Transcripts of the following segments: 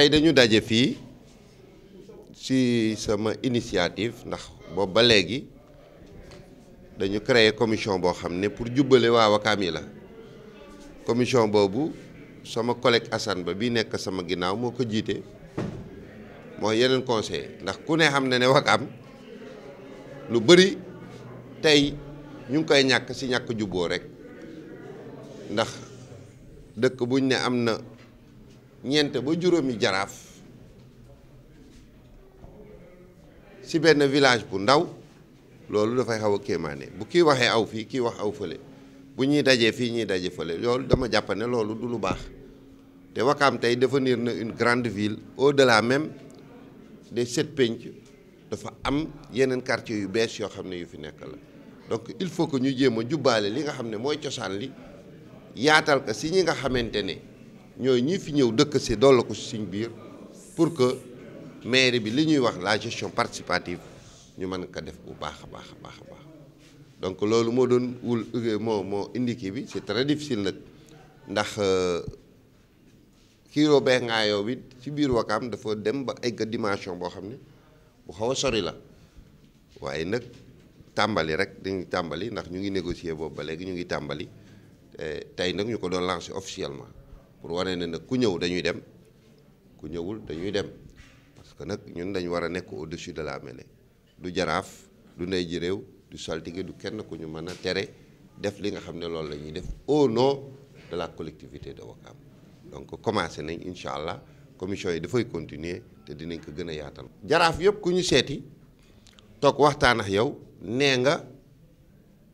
tey dañu daje fii ci sama initiative ndax boobu ba léegi dañu créer commission boo xam ne pour jubale waa Wakaam yi la commission boobu sama collègue assan ba bi nekk sama ginnaaw moo ko jiite mooy yeneen conseil ndax ku ne xam ne ne Wakaam lu bëri tey ñu ngi koy ñàkk ci ñàkk jubboo rek ndax dëkk buñ ne am na ñeent ba juróomi jaraaf ci benn village bu ndaw loolu dafay xaw a kéemaane bu kiy waxee aw fii kiy wax aw fële bu ñuy dajee fii ñuy daje fële loolu dama jàpp ne loolu du lu baax te Wakaam tey devenir na une grande ville au-delà même des sept penc dafa am yeneen quartier yu bees yoo xam ne yu fi nekk la donc il faut que ñu jéem a jubbaale li nga xam ne mooy cosaan li yaatal ko si ñi nga xamante ne ñooy ñi fi ñëw dëkk si dool la ko suñ biir pour que mairie bi li ñuy wax la gestion participative ñu mën ko def bu baax a baax a baax baax donc loolu moo doon wul moo moo indi kii bi c'est très difficile nag ndax euh, kiiroo beex ngaayoo bi ci biir Wakaam dafa dem ba egg dimension boo xam ne bu xaw a sori la waaye nag tàmbali rek dañuy tàmbali ndax ñu ngi négocier boobu ba léegi ñu ngi tàmbali tey nag ñu ko doon lancer officiellement pour wane ne nag ku ñëw dañuy dem ku ñëwul dañuy dem parce que nag ñun dañu war a nekk au-dessus de la mêlée du jaraaf du ndey ji réew du saltige du kenn ku ñu mën a tere def li nga xam ne loolu lañuy def au nom de la collectivité de Ouakam donc commencé nañ incha allah commission yi dafay continuer te dinañ ko gën a yaatal. jaraaf yëpp ku ñu seeti toog waxtaan ak yow nee nga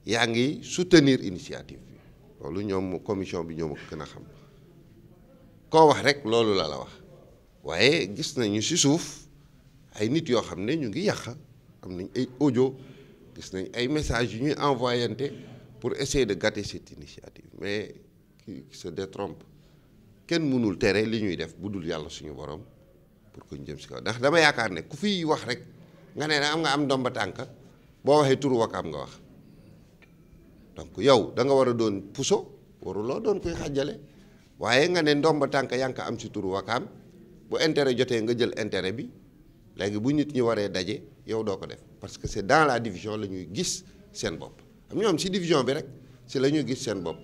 yaa ngi soutenir initiative bi loolu ñoom commission bi ñoo ma gën a xam. koo wax rek loolu la la wax waaye gis nañu ci suuf ay nit yoo xam ne ñu ngi yàq am nañ ay ojo gis nañ ay messages yu ñuy envoyante pour essayer de gâter cette initiative mais qui se détrompe kenn mënul tere li ñuy def bu dul yàlla suñu borom pour que ñu jëm si kaw ndax dama yaakaar ne ku fiy wax rek nga ne na am nga am ndomba tànk boo waxee turu Wakaam nga wax donc yow danga nga war a doon puso waruloo doon koy xàjjale waaye nga ne ndomba tànk yaa ngi am si turu wakaam bu intérêt jotee nga jël intérêt bi léegi bu nit ñi waree daje yow doo ko def parce que c'est dans la division la ñuy gis seen bopp am ñoom ci division bi rek si la ñuy gis seen bopp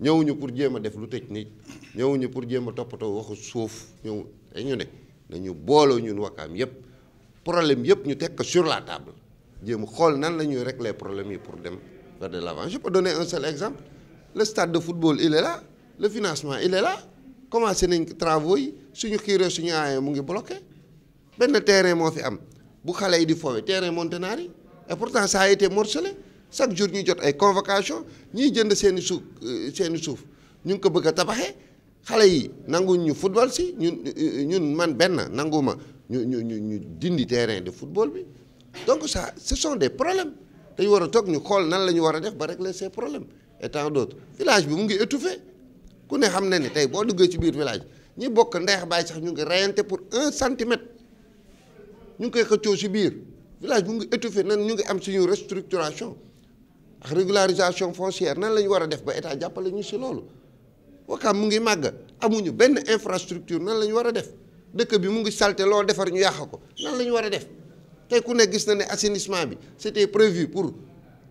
ñëwuñu pour jéem a def lu tëj nit ñëwuñu pour jéem a toppatoo waxu suuf ñëw dañu ne nañu booloo ñun wakaam yépp problème yépp ñu teg ko sur la table jéem xool nan la ñuy régler problème yi pour dem vers de l'avant je peux donner un seul exemple le stade de football il est le financement il est là commencé nañ travaux yi suñu xiiree suñu aayoo mu ngi bloqué benn terrain moo fi am bu xale yi di fowe terrain Monténari yi et pourtant ça a été morcelé chaque jour ñu jot ay convocation ñiy jënd seeni suuf euh, seeni suuf ñu ngi ko bëgg a tabaxee xale yi nanguñ ñu football si ñun euh, ñun man benn nanguma ñu ñu ñu ñu dindi terrain di football bi donc ça ce sont des problèmes dañu war a toog ñu xool nan la ñu war a def ba rek ces problèmes problème tant d'autres village ku ne xam na ni tey boo duggee ci biir village ñi bokk ndeex baay sax ñu ngi reyante pour un centimètre ñu ngi koy xëccoo ci biir village mu ngi étouffé nan ñu ngi am si ñu restructuration ak régularisation foncière nan la ñu war a def ba état jàppale ñu ci loolu Ouakam mu ngi màgg amuñu benn infrastructure nan la ñu war a def dëkk bi mu ngi salte loo defar ñu yàq ko nan la ñu war a def tey ku ne gis na ne assainissement bi c'était prévu pour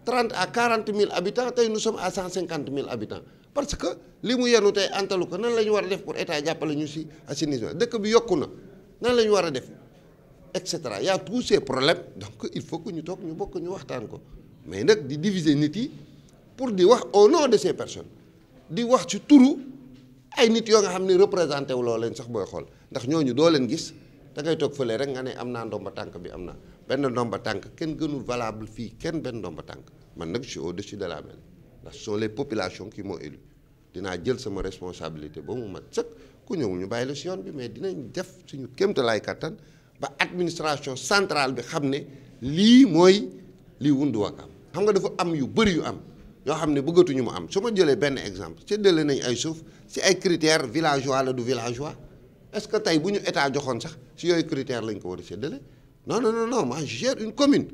30 à 40 000 habitants tey nous sommes à 150 000 habitants parce que li mu yenu tey antalu ko nan la ñu war a def pour état jàppale ñu si assainissement dëkk bi yokku na nan la ñu war a def et cetera y a tous ces problèmes donc il faut que ñu toog ñu bokk ñu waxtaan ko mais nag di diviser nit yi pour di wax au nom de ces personne di wax ci turu ay nit yoo nga xam ne représenté wu loo leen sax booy xool ndax ñooñu doo leen gis da ngay toog fële rek nga ne am naa ndomba tànk bi am naa benn ndomba tànk kenn gënul valable fii kenn benn ndomba tànk man nag je suis au-dessus de la mêlée ndax ce sont les populations qui m'ont élu dinaa jël sama responsabilité ba mu mat sëkk ku ñëw ñu bàyyi la si yoon bi mais dinañ def suñu kéemtalaay kattan ba administration centrale bi xam ne lii mooy lii wundu Wakaam xam nga dafa am yu bëri yu am yoo xam ne bëggatuñu mu am su ma jëlee benn exemple séddale nañ ay suuf si ay critères villageois la du villageois est-ce que tey bu ñu état joxoon sax si yooyu critère lañ ko war a séddale non non commune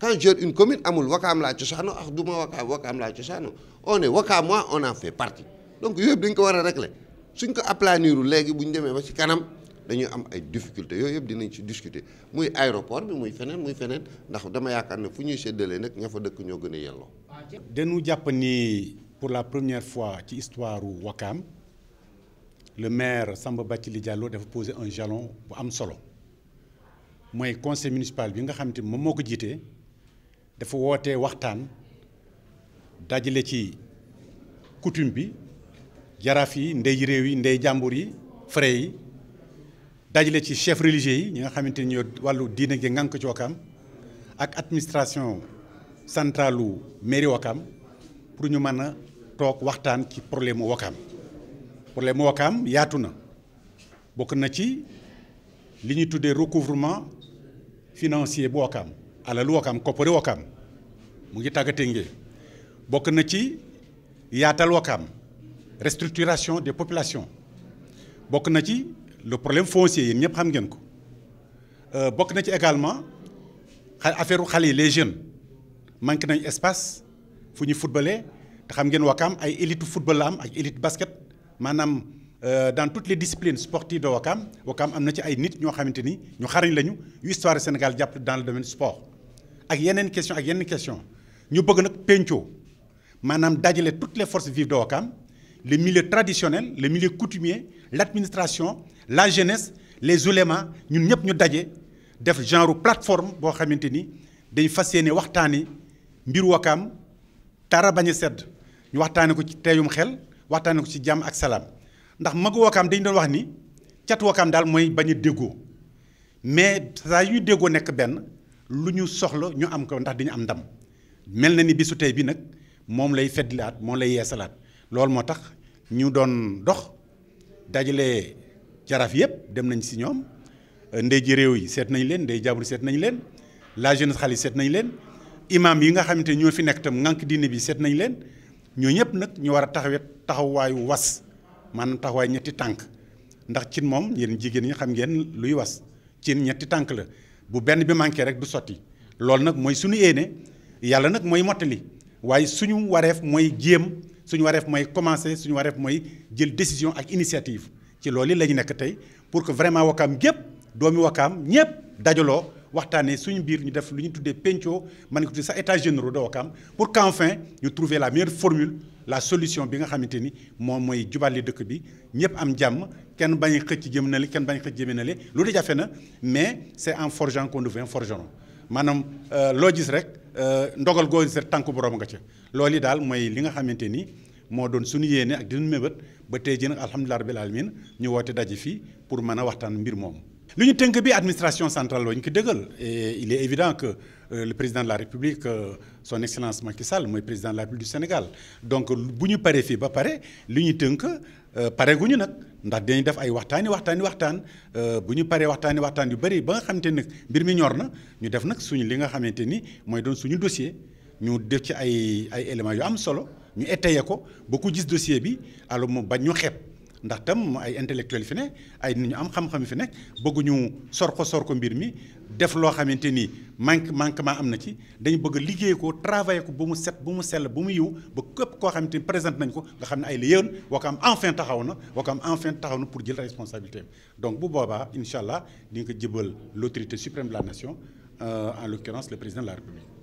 quand je gère une commune amul wakaam laa cosaano ah du ma wakaam wakaam laa cosaano on est wakaamois on en fait partie donc yooyu yëpp dañ ko war a régler suñ ko aplanirul léegi bu ñu demee ba ci kanam dañuy am ay difficultés yooyu yëpp dinañ ci discuter muy aéroport bi muy feneen muy feneen ndax dama yaakaar ne fu ñuy séddalee nag ña fa dëkk ñoo gën a yelloo. dañu jàpp ni pour la première fois ci histoire wu Wakaam le maire Samba Bathily Diallo dafa poser un jalon bu am solo mooy conseil municipal bi nga xam te moom moo ko jiitee dafa wootee waxtaan dajale ci coutume bi jaraaf yi ndey réew yi ndey jàmbur yi frais yi dajale ci chef religieux yi ñi nga xamante ni wàllu diine gi ngànk ci Wakaam ak administration centralu mairie Wakaam pour ñu mën a toog waxtaan ci problème mu Wakaam problème mu Wakaam yaatu na bokk na ci li ñuy tuddee recouvrement financier bu Wakaam alalu Wakaam koppari Wakaam mu ngi tàggatee téngee bokk na ci yaatal Wakaam restructuration des population bokk na ci le problème foncier yéen ñëpp xam ngeen ko euh, bokk na ci également xa affaire xale yi les jeunes manqué nañu espace fu ñu footballé te xam ngeen Wakaam ay élite football la am ak élite basket maanaam euh, dans toutes les disciplines sportives de Wakaam Wakaam am na ci ay nit ñoo xamante ni ñu xarañ lañu yu histoire Sénégal jàpp dans le domaine sport. ak yeneen question ak yeneen question ñu bëgg nag pencoo maanaam dajale toutes les forces vives de Ouakam le milieu traditionnel le milieu coutumier l'administration la jeunesse les oulémas ñun ñëpp ñu daje def genre plateforme boo xamante ni dañ fas yéene waxtaani mbir Ouakam dara bañ a sedd ñu waxtaane ko ci teyum xel waxtaane ko ci jàmm ak salaam ndax magu Ouakam dañu doon wax ni catu Ouakam daal mooy bañ a déggoo mais saa yu déggoo nekk benn lu ñu soxla ñu am ko ndax di ñu am ndam mel na ni bisu tey bi nag moom lay feddilaat moom lay yeesalaat loolu moo tax ñu doon dox dajale jaraaf yëpp dem nañ si ñoom euh, ndey ji réew yi seet nañ leen ndey jaabur seet nañ leen la jeunes xaalis seet nañ leen imam yi nga xamante ñoo fi nekk tam ngànk diine bi seet nañ leen ñoo ñëpp nag ñu war a taxawet taxawaayu was maanaam taxawaay ñetti tànk ndax cin moom yéen jigéen ñi xam ngeen luy was cin ñetti tànk la bu benn bi manqué rek du sotti loolu nag mooy suñu yéene yàlla nag mooy mottali waaye suñu wareef mooy jéem suñu wareef mooy commencé suñu wareef mooy jël décision ak initiative ci loolu la ñu nekk tey pour que vraiment wakaam gépp doomi wakaam ñëpp dajaloo waxtaanee suñu biir ñu def lu ñu tuddee penco man ko tuddee sax états généraux de wakaam pour qu'enfin ñu trouver la meilleure formule la solution bi nga xamante ni moom mooy jubali dëkk bi ñëpp am jàmm kenn bañ xëcc jëm na li kenn bañ xëcc jëme na li loolu jafe na mais c'est en forgeant qu'on devient forgeron maanaam euh, loo gis rek euh, ndogal goo gis rek tànk nga ca loolu yi daal mooy li nga xamante ni moo doon suñu yéene ak dinañu mébét ba tey jën nag alhamdulilah rabbil alamin ñu woote daje fii pour mën a waxtaan mbir moomu li ñu tënk bi administration centrale la ñu ko dëggal et il est évident que euh, le président de la république euh, son excellence Macky sal mooy président de la république du Sénégal donc bu ñu paree fii ba pare li ñu tënk euh, pare guñu nag ndax dañuy def ay waxtaani waxtaani waxtaan bu ñu paree waxtaani waxtaan yu bëri ba nga xamante nag mbir mi ñor na ñu def nag suñu li nga xamante ni mooy doon suñu dossier ñu def ci ay ay éléments yu am solo ñu étayer ko ba gis dossier bi alors moom ñu xeeb. ndax tam ay intellectuel fi ne ay nit ñu am xam-xam fi nekk bëgguñu sorko sorko mbir mi def loo xamante ni manque manquement am na ci dañu bëgg liggéey ko travailler ko ba mu set ba mu sell ba mu yiw ba képp koo xamante ni présente nañ ko nga xam ne ay la yéen Wakaam enfin taxaw na Wakaam enfin taxaw na pour jël responsabilité donc bu boobaa incha allah di ko jëbal l' autorité suprême de la nation euh, en l'occurrence le président de la république